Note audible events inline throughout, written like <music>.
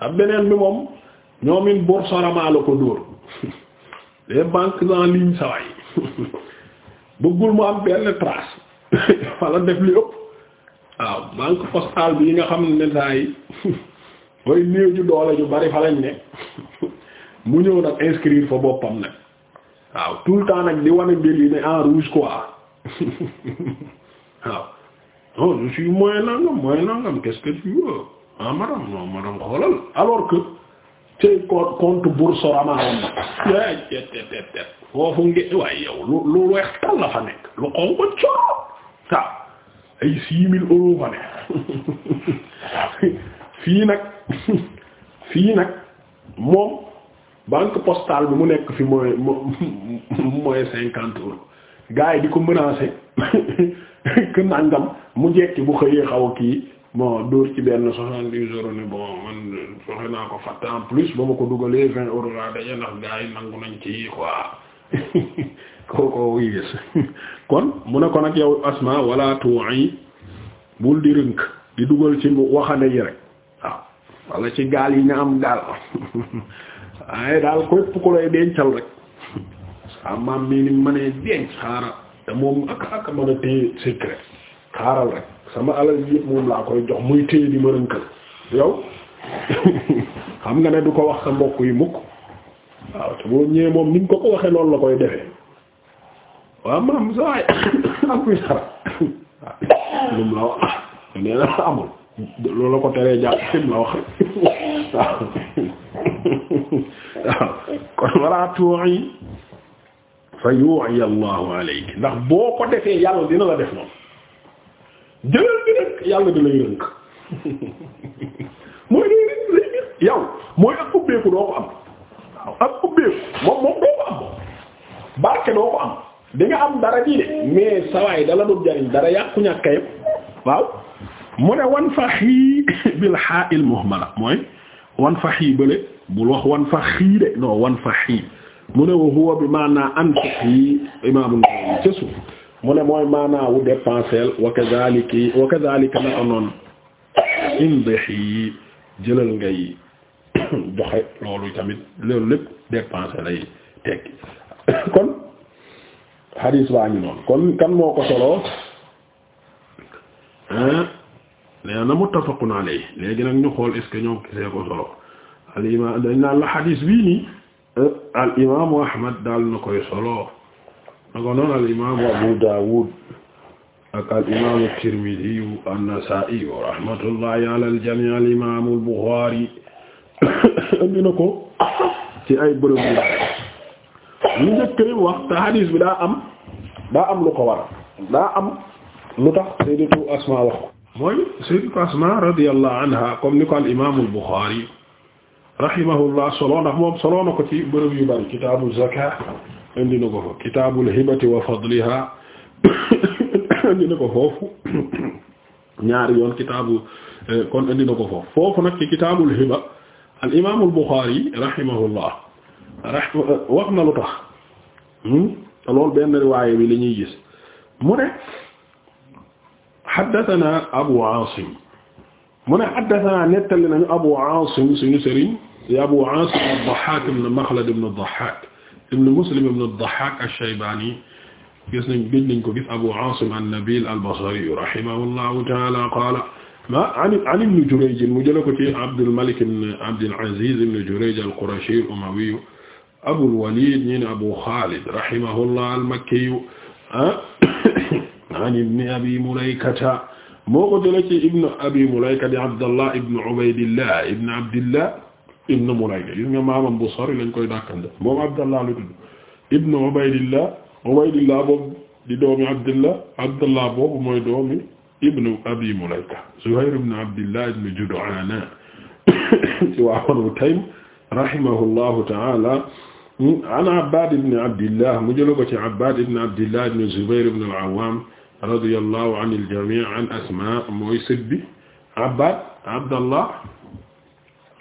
am <laughs> beneen bi moom ñoomin Boursorama la ko dóor <laughs> les banques en ligne saway <laughs> bëggul mu am benn trace wala def li ëpp waaw banque postale bi yi nga xam ne saa yi mooy néew doole ju bari fa lañ ne mu ñëw nag inscrire fa boppam nag waaw tout le temps nag di wane mbir yi ne en rouge quoi waaw non nangam moyen nangam qu'est-ce ah madame non madame xoolal alors eh, eh, eh, foofu nge waaye yow lu weex tal la fa nekk lu ko coono waaw fii nag <laughs> fii nag moom banque postale bi mu nekk fi mooy <laughs> mooy cinquante euros gars di ko menacer <laughs> que nangam mu jekki bu xëyee xaw kii bon dóor ci benn soixante-dix ni bon man fexe naa ko fàtte en plus ba ma ko dugalee vingt euros laa ndax gars yi nangu nañ ci quoi <laughs> kooko yées <laughs> kon mu ne ko nag yow asma wala tu'i bul di rënk di dugal ci waxande yi rek waaw wala ci gaal yi nga am gaal <laughs> waaye daal ko yëpp dencal rek sa maam mii ni mënee denc xaaral te moom ak ak mën a téye secret xaaral rek sama alal yëpp moom laa koy jox muy téye di mërënkal yow xam nga ne du ko wax sa mbokk yi mukk waaw te boo ñëwee moom niñ ko ko waxee loolu la koy defee waaw maam waaw lu mu la wax nee ko teree jàpp fi fa yu'i Allahu alayk ndax boo ko defee yàlla dina la def noonu jëlal bi yàlla di lay rënk mooy day rënk lay gis yow mooy ak ubbeeku doo ko am waaw ak ubbeeku moom moom doo ko am barke doo ko am di nga am dara ji de mais sawaay dala dul jariñ dara yàqu ñàkk waaw mu ne wan fax yi <coughs> bil xaa il muhmala mooy wan fax yi bële bul wax wan fax yi de non wan fax yi mu ne wa huwa bi maanaa an fax yi imaam Nawawi ca suuf mu ne mooy maanaawu dépensel wa kadhaliki wa kadhalika na anoon indexi jëlal ngay <coughs> joxe loolu tamit loolu lépp dépensé lay tekki <coughs> kon hadis baa ngi noonu kon kan moo ko soloo nee na muttafaqun alayhi léegi nag ñu xool est ñoo gisee ko solo al imaamu daal na koy solo nako noon al imaamu Abu Dawud ak al imaamu Tirmidhi an-Nasa'i rahmatullahi ala al-jami' al imaamu al-Bukhari andi na ko ci ay bërëb yu njëkk ni wax te hadis bi daa am daa am lu ko war daa am lu tax sayyidatu Asma wax ko mooy sayyidatu Asma radiyallahu anha comme ni ko al imaamu al-Bukhari rahimahullah solo ndax moom solo na ko ci bërëb yu bari kitaabu zakat indi na ko fa kitaabul hibati wa fadliha <coughs> indi na ko foofu <coughs> ñaari yoon kitaabu eh, ko foofu foofu nag ci al imaamul buxaari rahimahullah wax na lu tax hmm? loolu benn riwaaya bi la ñuy gis mu ne abu aasim mu ne haddathana nettali nañu abu aasim suñu sëriñ si abu aasim ad-Dahhaak ibn Muslim ibn Dahhak ash-Shaybani gis nañ gëj nañ ko gis Abu Asim an-Nabil al-Basri rahimahullahu ta'ala qala ma an an ibn Jurayj mu jële ko ci Abdul Malik ibn Abdul Aziz ibn Jurayj al-Qurashi al-Umawi Abu al-Walid ñi ne Abu Khalid rahimahullah al-Makki ah, <coughs> an ibn Abi Mulaykata moo ko jële ci ibn Abi Mulaykata Abdullah ibn Ubaydillah ibn Abdillah ibn Mulayka gis nga maamam bu sori lañ koy dàkkante moom Abdallah lu tudd ibn Ubaydillah Ubaydillah boobu di doomi Abdillah Abdallah boobu mooy doomi ibn Abi Mulayka Zuhayr ibn Abdillah ibn Jud'ana ci <coughs> waaxoon wu Taym rahimahullahu ta'ala an Abbad ibn Abdillah mu jël ko ci Abbad ibn Abdillah ibn Zubayr ibn al-Awwam radiyallahu anil jami' an Asma mooy sët bi Abbad Abdallah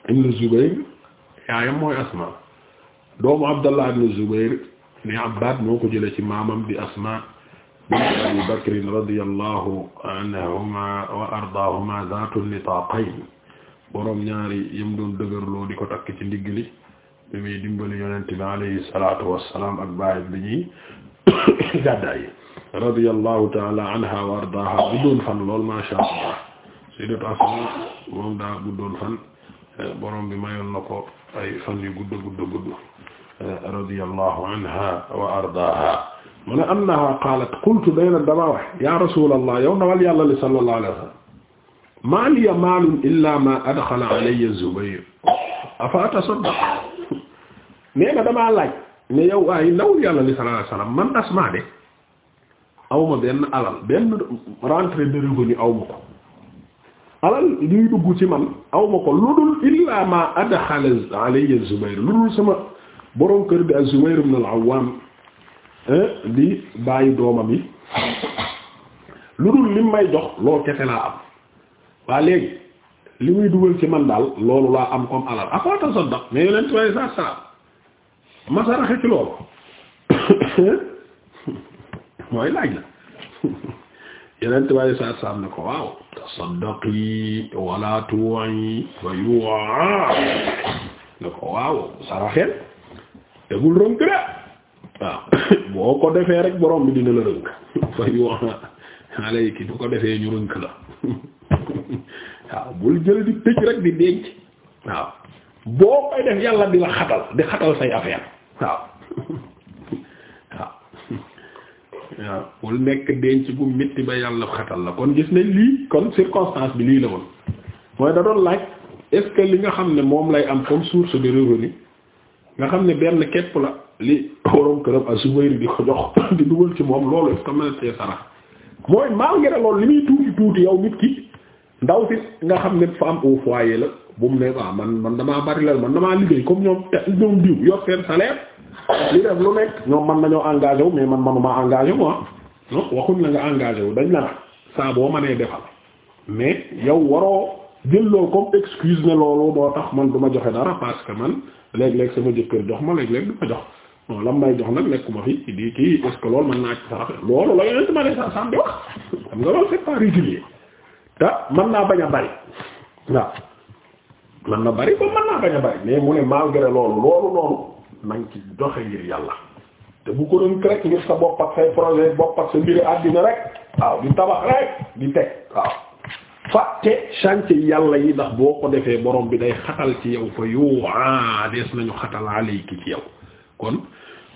ibn Zubayr yaayam mooy Asma doomu Abdallah ibn Zubayr ni Abbad moo ko jëlee ci maamam bi Asma bint Abi Bakr radiyallahu anhuma wa ardaahuma zaatu nitaaqayn borom ñaari yëm doon dëgërloo <coughs> ta'ala anha wa ardaaha guddoon fan lool ma sha Allah sayyidatu Asma moom daa guddoon fan Eh, borom bi mayoon na ko ay fan yu gudd gudd gudd eh, radiyallahu anha wa ardaaha mu ne annaha qaalat qultu day na damaa wax ya rasulallah yow nawal yàlla li sallallahu alayhi wa sallam maa liya maalun illa ma adxala alayya zubayr afa atasaddaq nee na damaa laaj ne yow ay nawal yàlla li sallallahu alayhi wa sallam man asmaa de awma benn alal benn rentrée de revenu awma ko alal liy dugg ci man awma ko lu dul illaa ma adxala alayya Zubayr lu dul sama boroom kër bi az-Zubayr ibn al-Awwam eh, di bàyyi doomam yi lu dul lim may jox loolu kese laa am waa léegi li muy dugal ci man daal loolu laa am comme alal afa tasaddaq mais leen tuway sa sa masaraxe ci loolu <coughs> mooy laaj la yeneen tuway sa sa am ne ko waaw tasaddaqi wala tu'i fa yu'a ko waaw saraxel tegul rënk de waaw boo ko defee rek boroom bi dina la rënk fa yu'a bu ko defee ñu rënk la waaw bul jël di tëj rek di denc waaw boo koy def yàlla di xatal di xatal say affaire waaw waaw bul nekk denc bu métti ba yàlla xatal la kon gis nañ lii kon circonstance bi lii la woon mooy da doon laaj est li nga xam ne moom lay am comme source de revenu nga xam ne benn képp la li borom këram azubayri di ko jox <coughs> di dugal ci moom loolu est-ce que mën na sarax mooy malgré li muy tuuti tuuti yow nit ki ndaw si nga xam ne fa am au foyer la bu mu ne ah, man man damaa bari la man damaa liggéey comme ñoom ñoom diw yor seen li def lu nekk ñoom man nañoo engagé wu man manuma engagé wu ah non waxuñ la nga engagé dañ la na saa boo mënee defal mais yow waroo jël loolu comme excuse ne loolu doo tax man du ma joxe dara parce que man léeg-léeg sama jëkkër jox ma léeg-léeg du ma jox non lam may jox nag nekkuma fi di kii est ce que loolu mën naa ci sarax loolu la yonent ma ne sa sam bi wax xam nga loolu c'est pas régulier te mën naa bañ a bari waaw na bari naa bañ a bari mais mu ne malgré loolu loolu loolu nañ ci doxe ngir yàlla te bu ko doon rek ngir sa bopp ak say projet bopp sa mbiri àddina rek waaw di tabax rek di teg waaw fàtte chantier yàlla yi ndax boo ko defee borom bi day xatal ci yow fa yoo ah dees nañu xatal alayki ci kon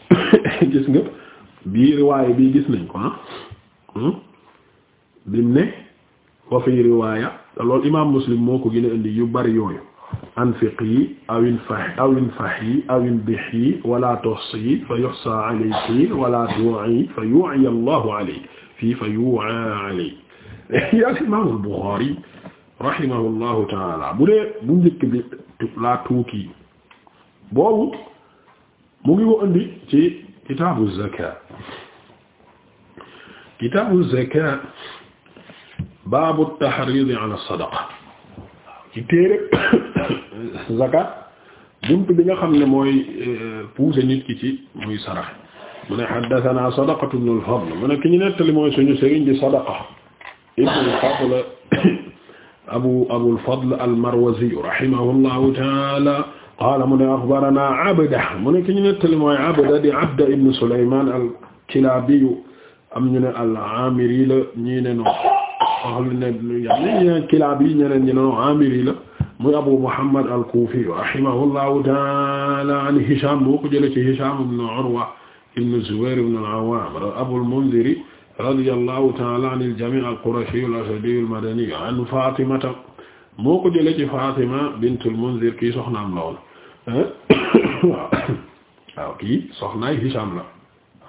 <coughs> gis nga bii riwaaya bii gis nañ ko ah bimu hmm? ne wa fi riwaaya loolu imaam muslim moo ko gën a indi yu bari yooyu anfiqi awin fah awin fahi awin bihi wala tuhsi fa yuhsa alayki wala tu'i fa yu'i Allahu alayki fii fa yu'a alayki <laughs> yaa Imaam al-Bukhari rahimahullahu taala bu dee bu njëkk bi laa tuuti boobu mu ngi ko indi ci kitaabu zakaa kitaabu zakaa baabu tahriid ala sadaqa ci téere zakat buntu bi nga xam ne mooy euh, pousser nit ki ci muy sarax mu ne haddathana sadaqatu ibn al-fadl mu ne ki ñu nettali mooy suñu sëriñ di sadaqa ibn al-fadl <coughs> abu abu al-fadl al-marwazi rahimahullahu ta'ala qaala mu ne akhbarana abda mu ne ki ñu nettali mooy abda di abda ibn sulayman al-kilabi am ñu ne al-amiri la ñii ne no wax ne kilab yi ñeneen ñi ne no amiri la muy abu muhammad al-kufi rahimahullahu taala an hisham boo ko jëlee ci hisham ibn urwa ibn zubair ibn al-awwam abul munzir radiyallahu taala an al-jami' al-qurashi al-asadi al-madani an fatimata moo ko jëlee ci fatima bint al-munzir kii soxnaam la woon waaw <coughs> waaw kii soxnaay hisham la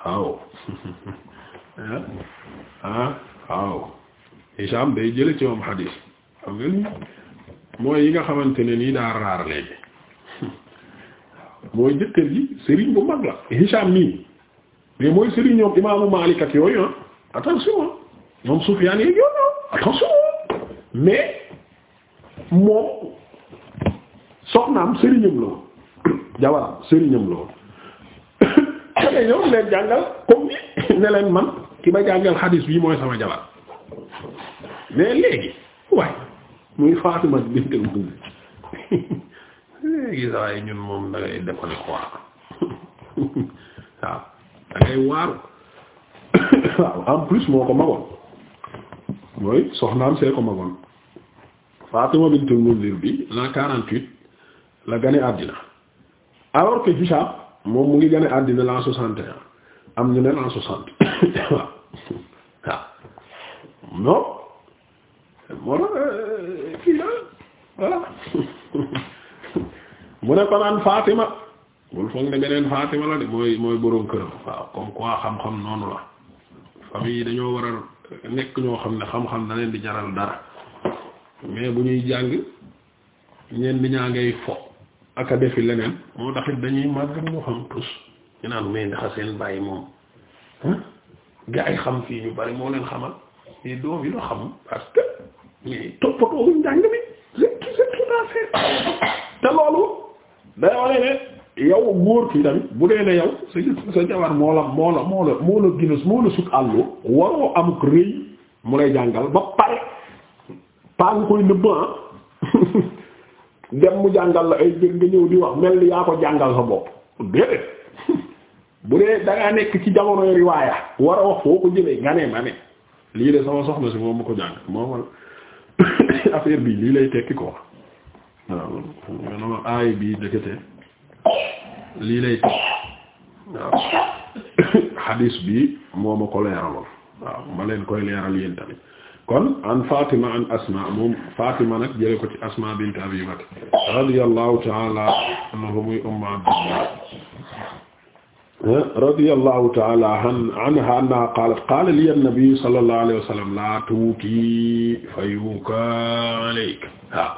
waaw <laughs> ah waaw hisham day jëlee ci moom hadith xam nga mooy yi nga xamante ne nii daa raar léegi mooy jëkkër ji sëriñ bu mag la Hisham nii mais mooy sëriñ ñoom imaamu yooyu ah attention ñoom Sufyaan attention mais moom soxnaam sëriñam la jabaram sëriñam la woon xale ñoom leen jàngal comme ni ne leen man ki ba jàngal xadiis bi mooy sama jabar mais léegi waaye muy Fatima bintul Munzir léegi saa yi ñun moom da ngay defal quoi waaw da ngay waaru waaw en plus moo ko magoon mooy soxnaam see ko magoon Fatima bintul Munzir bi la 48 la gane àddina alors que Hisham moom mu ngi gane àddina la 61 am ñu ne la 60 waaw waaw non. voilà kii la <laughs> mu ne ko naan Fatima bul foog ne beneen Fatima la de mooy mooy boroom këram waaw comme quoi xam-xam noonu la famille dañoo war a nekk ñoo xam ne xam-xam na leen di jaral dara mais bu ñuy jàng ñeen di ñaa ngay fo ak a defi leneen moo tax dañuy màgg ñu xam tus ñu naan mais ndaxa seen bàyyi moom gaa yi xam fii ñu bari moo leen xamal mais doom yi la xam parce toppatoo wuñ njàng mi c'est tout à fait te loolu day wane ne yow góor kii tamit bu dee ne yow sa sa jabar moo la moo la moo la moo la gën moo la sut àllu waroo amuk rëy mu lay jàngal ba pare paa nga koy nëbb ah. <laughs> dem mu jàngal la ay jën nga ñëw di wax mel ni yaa ko jàngal sa bopp déedéet <laughs> bu dee da nekk ci jamonoy riwaaya war a wax foo ko jëlee nga ne ma ne lii de sama soxna si moom ma ko jàng moom <coughs> affaire bi lii lay tekki ko waaw manoma aay bi dëkkate lii lay tekki waaw <coughs> hadis bi mooma ko leeraloon waaw ma leen koy leeral yéen kon an Fatima an Asma moom Fatima nag jële ko ci Asma bint Abi Bakr radiyallahu ta'ala anha muy ummu Abdillah radiyallahu ta'ala anha annaha qaalat qaala li an-nabi sallallahu alayhi wa sallam laa tuuki fa yuuka alayk waaw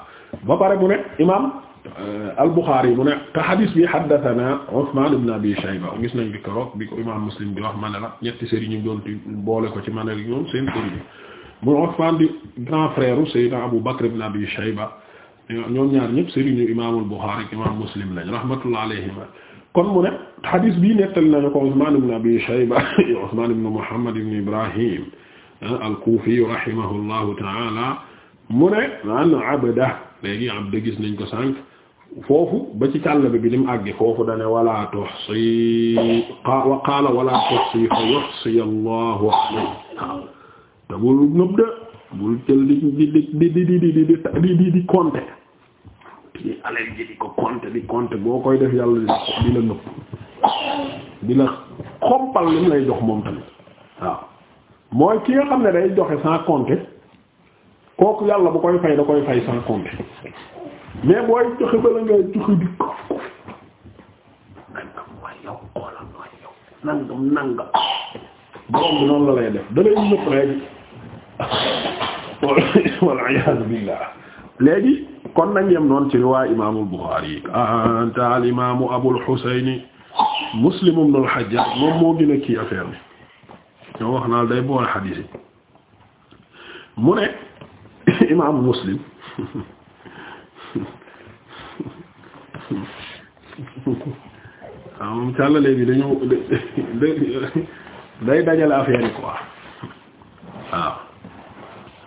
ba pare mu ne imaam euh, al-Bukhari mu ne te hadis bi haddathana Usman ibn Abi Shayba gis nañ bi keroog bi ko imaam Muslim bi wax ma ne la ñetti sëriñ ñu doon boole ko ci ma ne la ñoom seen sëriñ mu Usman di grand frère Sayyidina Abu Bakr ibn Abi Shayba ñoom ñaar ñëpp sëriñu imaamul Bukhari ak imaam Muslim lañ rahmatullah alayhima kon mu ne hadis bii nettali nañu ko Usmaan ibn Abi Shayba Usmaan ibn Muhammad ibn Ibrahim al-Kufi rahimahullahu ta'ala mu ne an Abda léegi Abda gis nañ ko sànq foofu ba ci càll bi bi lim àgg foofu dane wala tuhsi wa qaala wala tuhsi fa yuhsi Allahu waaw te bul nëb de bul jël di di di di di di di di compter kii alal di ko compter di compter boo koy def yàlla di la nëpp di la xompal li mu lay jox moom tamit waaw mooy ki nga xam ne day joxe sans compter kooku yàlla bu koy fay da koy fay sans compter mais booy joxe bala nga joxe di ko nangam waay yow xoolal noonu la lay def da lay nëpp léegi léegi kon nañ yem noon ci riwaay imaamul Buxaari anta al imaamu Abul Husayni Muslim ibn al Hajjaj moom moo gën a kii affaire bi ñoo wax naal day boole xadiis yi mu ne <laughs> imaamu Muslim moom <laughs> càllale bi dañu <laughs> day dajale affaire yi quoi waaw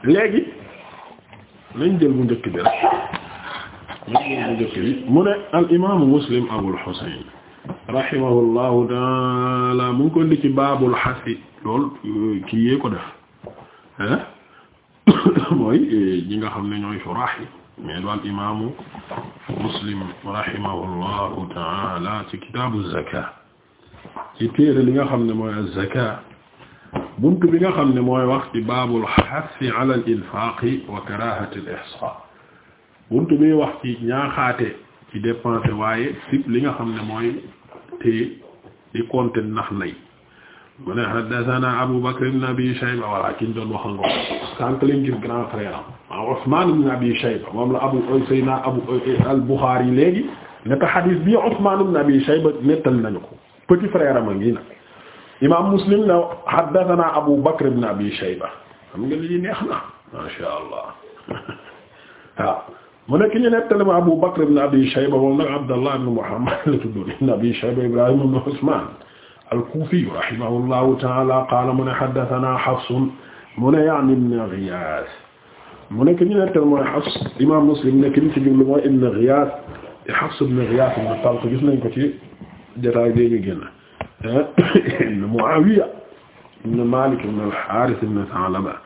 léegi lañ jël bu njëkk bi rek lañ jël al imaamu muslim abul xuseyn rahimahullahu taala mu ngi ko indi ci baabul xasi lool euh, kii ko def <coughs> mooy euh, ñi nga xam ne ñooy suraax yi mais daal imaamu muslim rahimahullahu taala ci kitaabu zaka ci téere li nga xam ne mooy az-zaka buntu bi nga xam ne mooy wax ci baabul xassi ala al infaqi wa karahati al ihsa buntu bi wax ci ñaaxaate ci dépenser waaye sib li nga xam ne mooy téye di compter ndax nay mu ne haddathana Abu Bakr ibn Abi Shayba walla ki ñu doon wax nga sànq leen gis grand frère am Usman ibn Abi Shayba moom la Abu Sayna Abu al-Bukhari léegi neta xadiis bi Usman ibn Abi Shayba nettal nañu ko petit frère a ngi nag imaam muslim ne haddathana abu bakr ibn abi shayba xam nga lii neex na ma sha allah waaw mu nekk ñu nettali ma abu bakr ibn abi shayba moom nag abdallah ibn muhammad la tuddoon ibn abi shayba ibrahim ibn usman al-kufi rahimahullahu ta'ala qala mu ne haddathana hafs mu ne ya'ni ibn ghiyath mu nekk ñu nettali mooy hafs imaam muslim nekk ñu ci jublu mooy ibn ghiyath hafs ibn ghiyath ibn talq gis nañ ko ci jotaay bi ñu génn ibn Muawiya ibn Malik ibn al-Harith ibn Tha'laba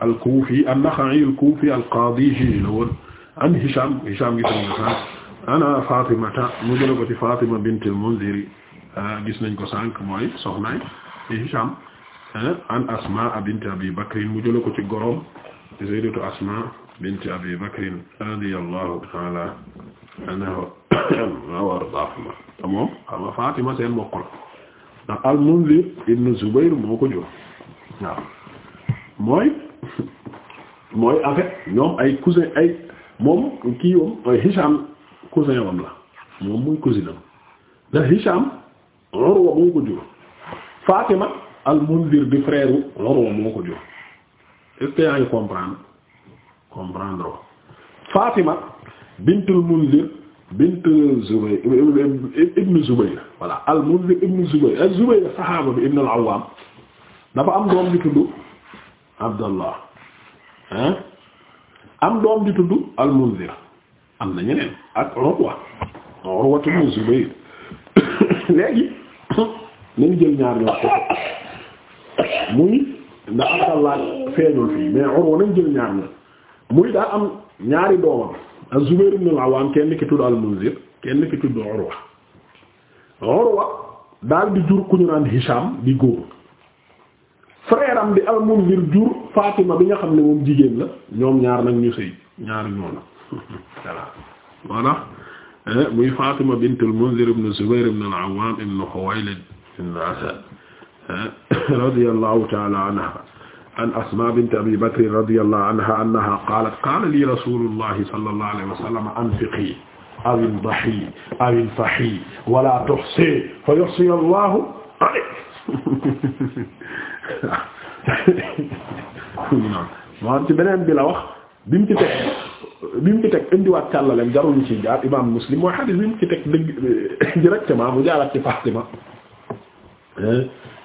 al-Kufi an-Nakha'i al-Kufi al-Qadi juge la woon an Hisham Hisham gis nañ ko sànq ana Fatimata mu jëlee ko ci Fatima bint al-Munzir ah, gis nañ ko sànq mooy soxnaay Hisham ah, an Asma bint Abi Bakr mu jëlee ko ci gorom Sayyidatu Asma bint Abi Bakr radiyallahu ta'ala anha wa ardaaha moom xam nga Fatima seen mbokk la ndax al-Munzir ibn Zubayr moo ko jur waaw mooy mooy en ñoom ay cousin ay moom kii yoom mooy Hisham cousin wam la moom muy cousin am ndax Hisham Urwa moo ko jur Fatima al-Munzir di frère Urwa moo ko jur est-ce comprendre comprendre Fatima bintul Munzir bint Zubayr ibn Zubayr voilà al-Mundhir ibn Zubayr az-Zubayr saxaaba bi ibn al-Awwam dafa am doom di tudd Abdallah ah am doom di tudd al-Mundhir am na ñeneen ak Urwa Urwa ibn Zubayr léegi nañ jël ñaar ñoo ko muy ndax am ñaari doomam az-Zubayr ibn al-Awwam kenn ki tudd al-Munzir kenn ki tudd Urwa Urwa daal di jur ku ñu naan Hisham di góor frère di al-Munzir jur Fatima bi nga xam ne moom jigéen la ñoom ñaar nag ñu sëy ñaar ñoona <laughs> voilà voilà eh, muy Fatima bint al-Munzir ibn Zubayr ibn al-Awwam ibn Khuwaylid ibn Asad eh, <coughs> radiyallahu ta'ala anha an asma bint abi bakr radiyallahu anha annaha qalat qala li rasulullahi sallallahu alayhi wa sallam anfiqi aw indahi aw infahi wala tuhsi fa yuhsi allahu maanaam ci beneen bi la wax bi mu ci teg bi mu ci teg indiwaat càllaleem jaruñu ci jaar imam muslim mooy xadis bi mu ci teg dëgg directement mu jaaraat ci Fatima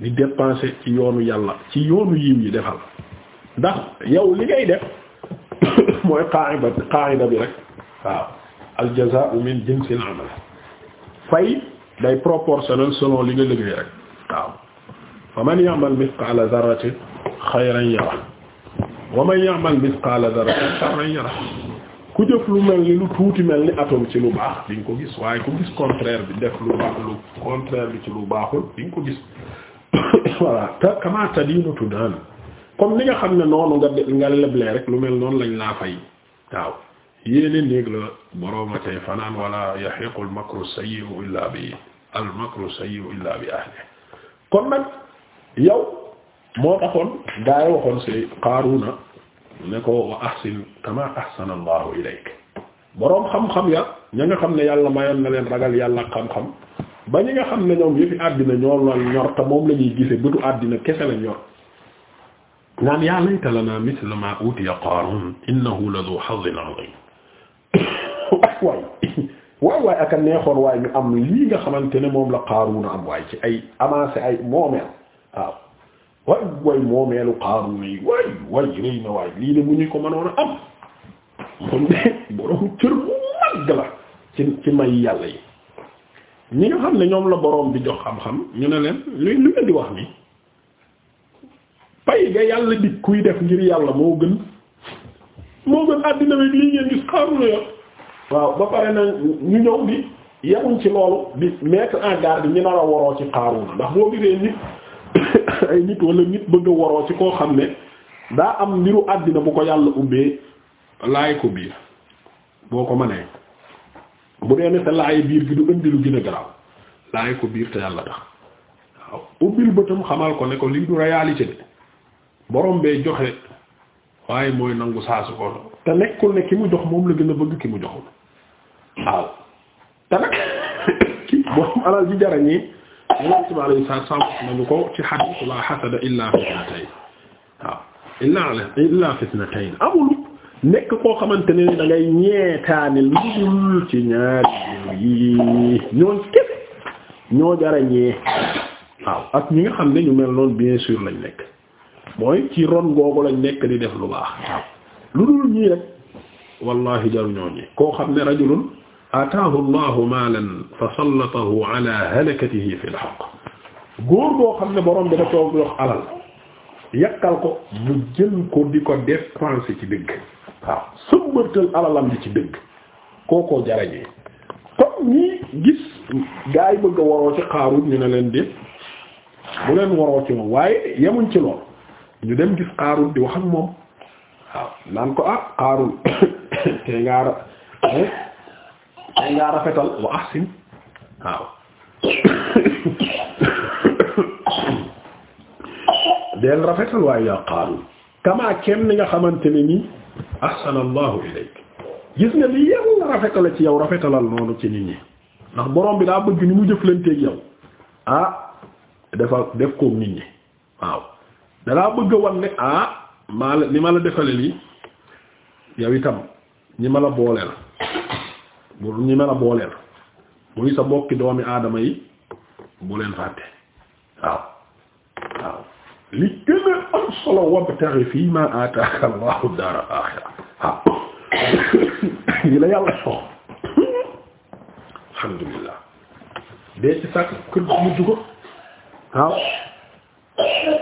di dépenser ci yoonu yàlla ci yoonu yiw yi defal ndax yow li ngay def <coughs> mooy qaida qaida bi rek waaw al jazaa'u min jinsil amal fay day proportionnel selon li nga liggéey rek waaw fa man ya'mal mithqala dharratin xayran yara wa man ya'mal mithqala dharratin sharran yara ku jëf lu mel ni lu tuuti mel ni atom ci lu baax di nga ko gis waaye ku gis contraire bi def lu baax lu contraire bi ci lu baaxul di nga ko gis voilà te kamaata diinu li nga xam ne noonu nga nga leblee rek lu mel noonu lañ laa fay waaw yéene néeg la borooma tey fanaan wala yahiqu al makru sayyi'u illa bi al makru sayyi'u illa bi ahli kon nag yow moo taxoon gaa waxoon ci Qaaruna ne ko wa ahsin kama ahsana Allahu ilayk boroom xam-xam ya ña nga xam ne yàlla mayoon na leen ragal yàlla xam-xam ba ñi nga xam ne ñoom yëfi àddina ñoo la ñor te moom la ñuy gisee bëtu àddina kese la ñor naan yaa layta lana misla ma utiya qaarun innahu la du hazzin azim ak waay aka neexoon waay ñu am lii nga xamante ne moom la qaaruun am waay ci ay amancé ay moomeel waaw waay waay moomeelu qaaruun yi waay waay rëy na lii de bu ñu ko mënoon a am moom de borom cër mu mag la ci may yàlla yi ñi nga xam ne ñoom la boroom bi jox xam-xam ñu ne leen luy lu ngeen di wax ni pay ga yàlla dig kuy def ngir yàlla moo gën moo gën àddina bi lii ngeen gis xaaruna yo waaw ba pare na ñu ñëw bi yemuñ ci loolu di mettre en garde ñu nar a waroo ci xaaruna ndax boo gisee nit <coughs> ay nit wala nit bëgg a waroo ci koo xam ne daa am mbiru àddina bu ko yàlla ubbee laay ko biir boo ko mënee bu dee ne sa laay biir gi du indi lu gën a garaaw laay ko biir te yàlla tax waaw ubbil bëtam xamal ko ne ko lii du réalité de borom bee joxe waaye mooy nangu saa su ko te nekkul ne ki mu jox moom la gën a bëgg ki mu joxul waaw te nag <coughs> ki borom alal ji jarañee yonent bi alayhi ko ci hadith waaw illa illa fitnatayn amul nekk koo xamante ne dangay ngay ñeetaani lu dul ci ñaari yi ñooñ kese ñoo jara ñee waaw ak ñi nga xam ne ñu mel noonu bien sûr lañ nekk mooy ci ron googu lañ nekk di def lu baax waaw lu dul ñii rek wallahi jaru ñoo koo xam ne rajulun ataahu allahu maalan fa sallatahu ala halakatihi fi l xam ne borom bi da alal yàqal ko mu jël ko di ko dépenser ci dëgg waaw sëmbërtal alalam di ci dëgg kookoo jarañee comme ñii gis gaa bëgg a waroo ci xaarut ñu ne leen di bu leen waroo ci moom waaye yemuñ ci lool ñu dem gis xaarut di wax moom waaw naan ko ah xaarul <coughs> eh? tey ngaa rafetal wa ahsin waaw <coughs> deel rafetal waaye yaa Qaaruun kamaa kenn ni nga xamante ni nii ahsana Allahu ilayk gis nga li Yàlla rafetale ci yow rafetalal noonu ci nit ñi ndax borom bi daa bëgg ni mu jëflanteeg yow ah dafa def koom nit ñi waaw danaa bëgg a wan ne ah maa la li ma la defale lii yow itam ñi ma la booleel bu ñi ma la booleel muy sa bokki doomi aadama yi bu leen fàtte waaw li gën am solo wabtaghi fii ma ataaka Allahu daara al-aaxira waaw ah. yi la yàlla soxla alhamdulillah dee ci sàkk kër mujj ko waaw ah.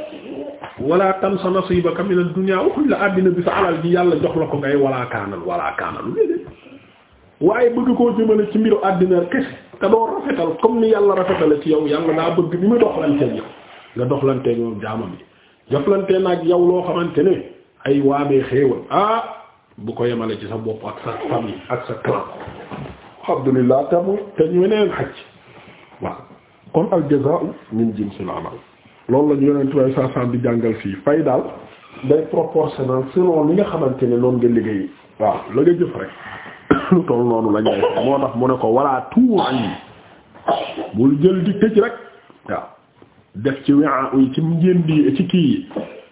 wala tansa nasiibaka min ad-dunya waxuñ la àddina bi sa alal ji yàlla jox la ko ngay walaa kaanal walaa kaanal waaye bëgg koo jëmale ci mbiru àddina kese te doo rafetal comme ni yàlla rafetale ci yow yàlla daa bëgg ni mu doxalanteen yow nga doxlante ñu jaamam yi jëflante nag yow loo xamante ne ay waamee xéewal ah bu ko yemale ci sa bopp ak sa famille ak sa clan alhamdulillah tamu te ñu weneen xaj waaw kon al jazaa'u min jinsil amal loolu la ñu yonent way saasan di jàngal fii fay daal day proportionnel selon li nga xamante ne lool nga liggéey waaw la nga jëf rek <coughs> lu toll noonu lañ moo tax mu ne ko walla tuur yi bul jël di tëj rek waaw def ci wéa uy ci njëndi ci kii yi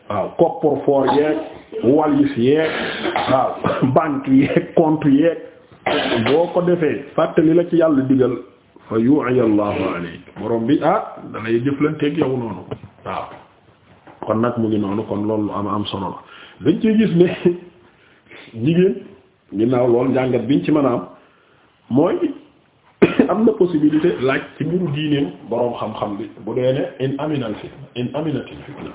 waaw coffre-fort yeeg walis yeeg waaw <coughs> banque yeeg compte yeeg boo ko defee fàttali la ci yàlla digal fa yu'iya Allahu alayk borom bi ah danay jëflanteeg yow noonu waaw kon nag mu ngi noonu kon loolu am am solo la dañ ciy gis ni <laughs> jigéen ginnaaw loolu njàngat biñ ci mën mooy am na possibilité laaj ci mbiru diineem boroom xam-xam bi bu dee ne in aminal fitna in aminatil fitna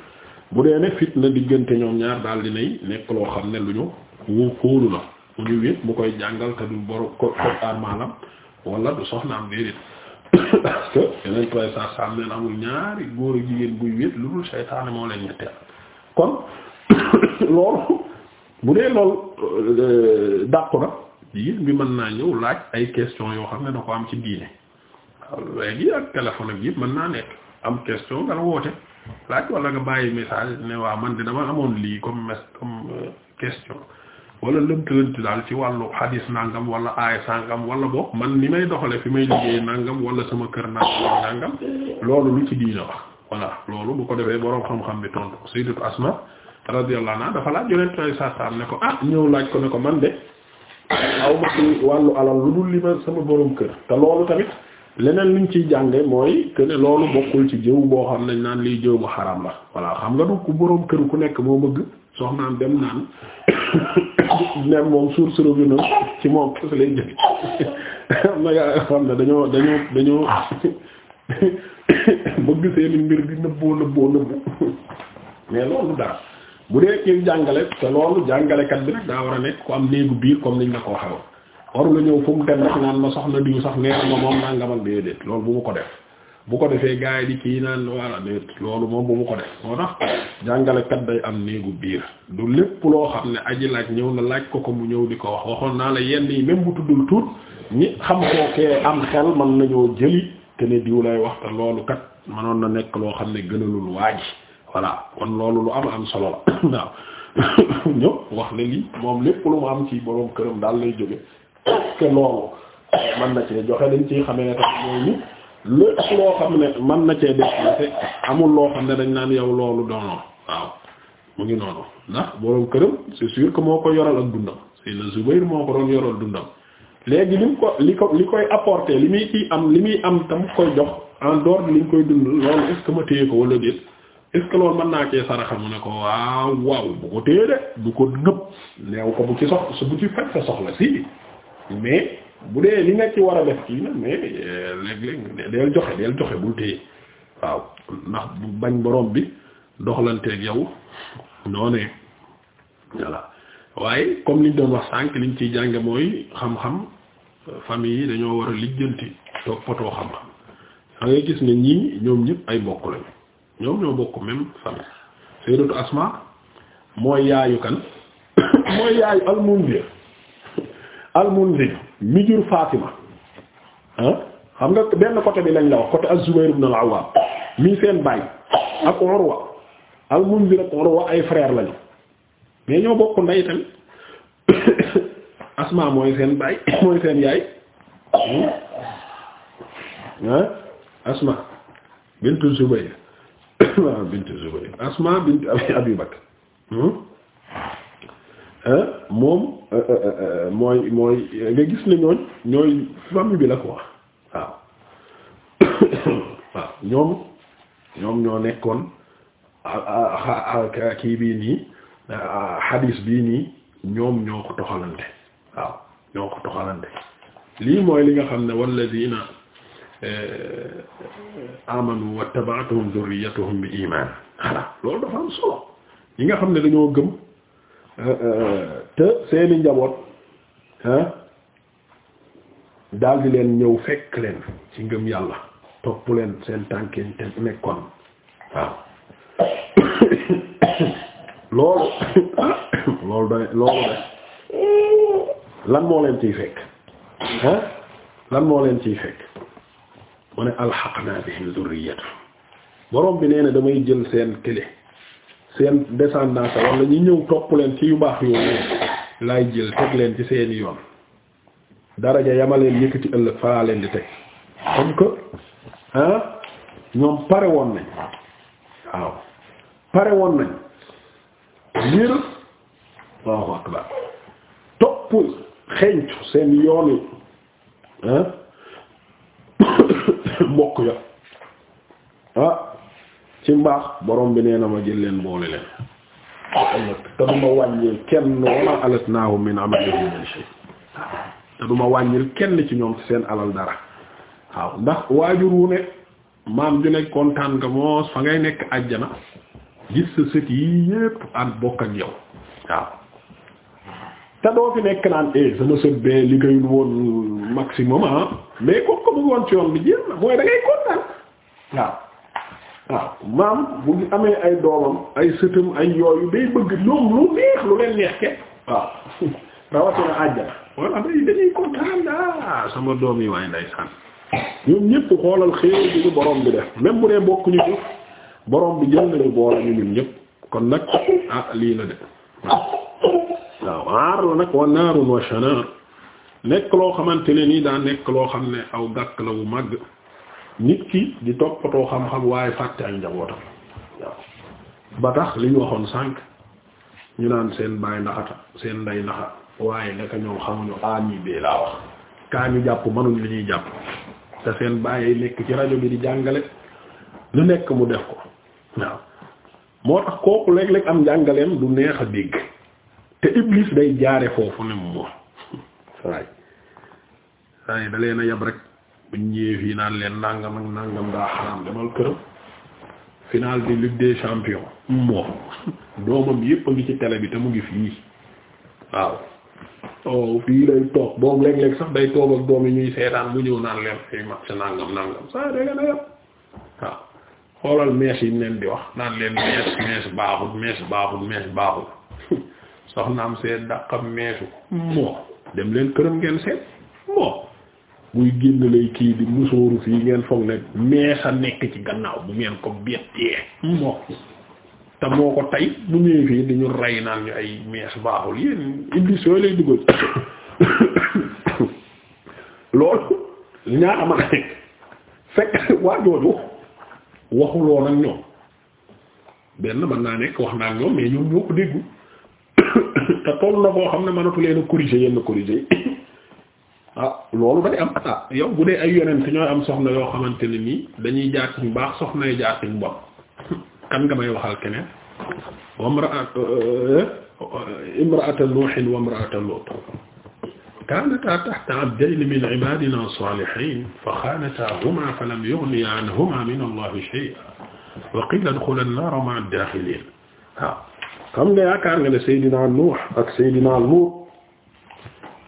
bu dee ne fitna diggante ñoom ñaar daal dinay nekk loo xam ne lu ñu wóo xóolu bu mu koy jàngal te du boroom ko ar maanaam wala du soxnaam déedéet <coughs> parce que yeneen trois cent cent neen amul ñaari góor ak jigéen buy wéet lu dul seytaane moo leen ñetteel kon <coughs> loolu bu dee loolu euh, dàqu jigéen bi mën naa ñëw laaj ay question yoo xam ne da ko am ci diine waaw léegi mën naa nekk am question laaj wala nga bàyyi message ne man de dama amoon lii comme mes comme euh, question wala daal ci wàllu hadis wala aay wala boog man ni may doxale fi may liggéey wala sama kër nangam nangam loolu ci diine wax loolu bu ko defee boroom xam-xam bi tontu Sayyidatu Asma radiyallahu anha dafa laaj yonent ay saasaam ne ko ah ñëw laaj ko ne ko man de aw ma ci wàllu alal lu dul li ma sama boroom kër te loolu tamit leneen liñ ciy jànge mooy que loolu bokkul ci jëw boo xam nañ naan liy jëw bu xaram la voilà xam nga du ku borom kër ku nekk moo bëgg soxnaam dem naan <coughs> nem moom source revenu ci moom <coughs> xam ne dañoo dañoo dañoo <coughs> bëgg seeni mbir di nëbboo nëbboo nëbbu mais loolu dara bu dee kii jàngale te loolu jàngalekat bi nag daa war a nekk ku am néegu biir comme niñ la ko waxee woon waru ñëw fu mu dem rek naan ma soxna diw sax neex na ma moom nangam ak déedéet loolu bu mu ko def bu ko defee gars yi di kii naan walla déet loolu moom bu mu ko def moo tax jàngalekat day am néegu biir du lépp loo xam ne aji laaj ñëw na laaj ko ko mu ñëw di ko wax waxoon naa la yenn yi même bu tuddul tur ñi xam kookee am xel man nañoo jëli te ne diw lay wax te loolu kat mënoon na nekk loo xam ne gënalul waa ji voilà kon loolu lu am am solo la <coughs> waaw <coughs> ñëpp wax ne lii moom lépp lu mu am ci boroom këram daal lay jóge <coughs> loolu mën na ci joxe dañ ciy xamee ne tax mooy loo xam ne na cee amul loo xam ne dañ naan yow loolu doonoon waaw mu ngi noonu ndax boroom këram c'est sûr que moo ko yoral ak dundam c'est le Zubayr moo ko doon yoral dundam léegi lim ko li ko li koy apporter li muy ci am li muy am tam koy jox en dehors li ñu koy dund loolu est ma téye ko wala déet est-ce naa cee saraxa mu ne ko waaw waaw bu ko téye de bu ko nëb neew ko bu ci bu ci faj soxla si mais bu dee li nga ci war a def kii na mais euh, léeg-léeg deel joxe deel joxe bul téye waaw ndax bu bañ borom bi doxalanteeg yow noonee voilà waaye comme liñ doon wax sànq liñ ciy jànge mooy xam-xam famille yi dañoo war a lijjanti toog potoo xam-xam da gis ne ñii ñoom ñëpp ay mbokk lañu ñoom ñoo bokk même famille sayyidatu Asma mooy yaayu kan <coughs> mooy yaayu al-Munzir mi jur Fatima ah xam nga benn côté bi lañ la wax côté az-Zubayr ibn al-Awwam mi seen baay ak Urwa al-Munzir ak Urwa ay frère lañu mais ñoo bokk ndey tamit <coughs> Asma mooy seen baay <coughs> mooy seen yaay ah Asma bintu Zubayr waaw <coughs> bint Zubayr Asma bint Abi Bakr hmm? eh, moom eh, eh, mooy mooy nga gis ne ñooñ ñooy famille bi la ko wax <coughs> waaw ñoom ñoom ñoo nekkoon ah, ah, ah, kii bii nii xadiis bii nii ñoom ñoo ko toxalante waaw ñoo ko toxalante lii mooy li nga xam ne walladiina Eh, amanu wattaba'atuhum dhurriyyatuhum bi iman voilà loolu dafa am solo yi nga xam ne dañoo gëm eh, eh, te seeni njaboot ah daal leen ñëw fekk leen ci ngëm yàlla topp leen seen tànkin te nekkoon waaw <coughs> loolu <coughs> loolu da loolu de lan moo leen ciy fekk ah lan moo leen ciy fekk mu ne alxaqnaa bihim zurriyatahum borom bi nee na damay jël seen kële seen descendance wala ñu ñëw topp leen ci yu baax yooyu laay jël teg leen ci seen yoon daraja yamaleen yëkkati ëllëg falaa leen di teg comme que ah ñoom pare woon nañ waaw pare woon nañ ngir Allahu topp xencu seen yoonu ah <coughs> mbokk ya ah ci mbaax borom bi nee na ma jël leen boole leen te duma wàññil kenn wala alatnaahum min amalihim min shay te duma wàññil kenn ci ñoom seen alal dara waaw ndax waajur wu ne maam ju ne kontaan nga moos fa ngay nekk àjjana gis sa sët yi yépp at bokk ak yow waaw te doo fi nekk naan eh sama sët liggéeyul woon maximum ah mais comme que woon ci yoon bi jéem waaw. waaw maam bu amee ay doomam ay sëtam ay yooyu day bëgg lu neex lu leen neex kenn waaw <laughs> rawatina àjjana walla day dañuy kontaan ah sama doom yi waaye ndeysaan ñoom ñëpp xoolal xéewal bi ñu borom bi def même bu dee bokkuñu ñu borom bi jël nañu boole ñu ñun ñëpp kon nag ah lii la de waaw. waaw aar nag wa naaru wa nekk loo xamante ne nii daa nekk loo xam ne aw gàkk la bu màgg nit ki di toppatoo xam-xam waaye fàtte ak njabootam waaw ba tax li ñu waxoon sànq ñu naan seen baay naxata seen nday naxa waaye naka ñoom xamuñu aami bee laa wax kaa ñu jàpp mënuñ li ñuy jàpp te seen bàyyi nekk ci rajo bi di jàngale lu nekk mu def ko waaw moo tax kooku léeg-léeg am njàngaleem du neex a dégg te iblis day jaare foofu ne moom saay saay da leen a yab rek buñ ñëwee fii naan leen nangam ak nangam daa xaraam demal këram final de Ligue des champions doomam yépp a ngi ci télé bi te mu ngi fii waaw oh fii lay toog boobu léeg-léeg sax day toog ak doom yi ñuy seetaan mu ñëw naan leen fii match nangam nangam saay da leen a yab xoolal mees yi mu leen di wax naan leen mees mees baaxul mees baaxul mees baaxul soxnaam seen daqam meesu hmm. moo dem leen këram ngeen seet moo muy génn lay kii di musóoru fii ngeen foog ne meesa nekk ci gannaaw bu ngeen ko bettee hmm. moo te moo ko tey bu ñëwee fii di rey naan ñu ay mees baaxul yéen iblis yooyu lay duggal <coughs> loolu ñaata a nekk fekk waa jooju waxuloon ak ñoom benn mën naa nekk wax naa ak ñoom mais ñoom ñoo ko déggu te toll na boo xam ne mënatu leen a corriger yenn corriger yi <coughs> ah loolu day am ah yow bu dee ay yonent ñooy am soxna yoo xamante ne nii dañuy jaar ci baax soxnay jaar ci mbon <coughs> kan nga may waxal keneen wa imra'at euh, euh, euh, imra'ata nuuhin wa imra'ata luut kaanataa tahta abdayni min ibaadinaa saalihiin fa xaanataahumaa falam yughniyaa anhumaa mina Allaahi shay'an wa qiila udxulaa an-naara ma'a ad-daaxiliin waaw ah, xam nga yaakaar nga ne Seydina Nuux ak Seydina Luut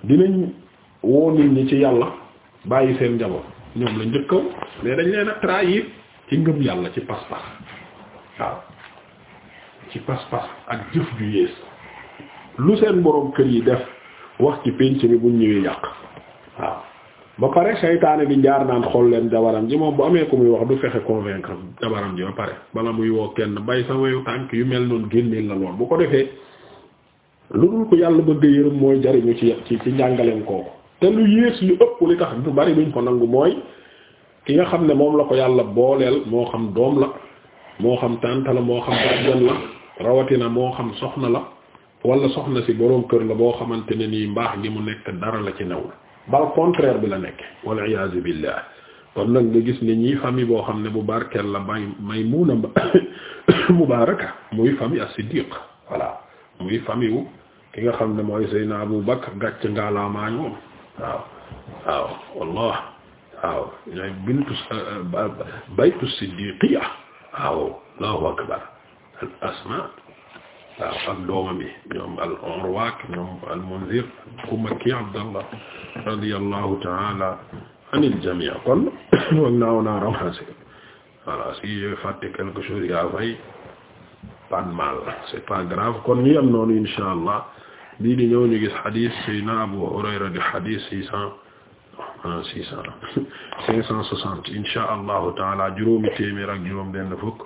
dinañ woo nit ñi ci yàlla bàyyi seen njaboot ñoom la njëkkaw mais dañ leen a trahir ci ngëm yàlla ci pas-pas waaw ci pas-pas ak jëf ju yées lu seen boroom kër yi def wax ci pénc bi buñ yàq waaw ba pare seytaane bi jaar naan xool leen jabaram ji moom bu amee ko muy wax du fexe convaincre jabaram ji ba pare bala muy woo kenn bay sa wayu tànk yu mel noonu génneel la lool bu ko defee lu dul ko yàlla bëgg yërëm mooy jariñu ci ci ci njàngaleem kooku te lu yées yu ëpp li tax du bari duñ ko nangu mooy ki nga xam ne moom la ko yàlla booleel moo xam doom la moo xam tànta la moo xam bàjjan la rawatina moo xam soxna la wala soxna si boroom kër la boo xamante ne nii mbaax gi mu nekk dara la ci newul bal contraire bi la nekk wal iyaazu billah kon nag nga gis ni ñii famille boo xam ne bu barkeel la may Maymuna <coughs> mubaaraka muy famille as-Siddiq voilà muy famille wu ki nga xam ne mooy Seydina Abu Bakr gàcc ngaalaamaa ñoom waaw waaw wallah waaw bintu baytu siddiqiya waaw Allahu akbar al asmaa waaw ak doomam yi ñoom al Urwa ñoom al Munzir ku makki Abdallah radiyallahu ta'ala anil jami' kon wag naaw naa ramassé voilà si j'ai fàtte quelque chose yaa fay pas mal c'est pas grave kon ñu am noonu insha allah bii di ñëw ñu gis hadith sayna Abu Hurayra di hadith six cent ah, six cent <laughs> cinq cent soixante insha allahu taala juróomi téeméer ak juróom benn fukk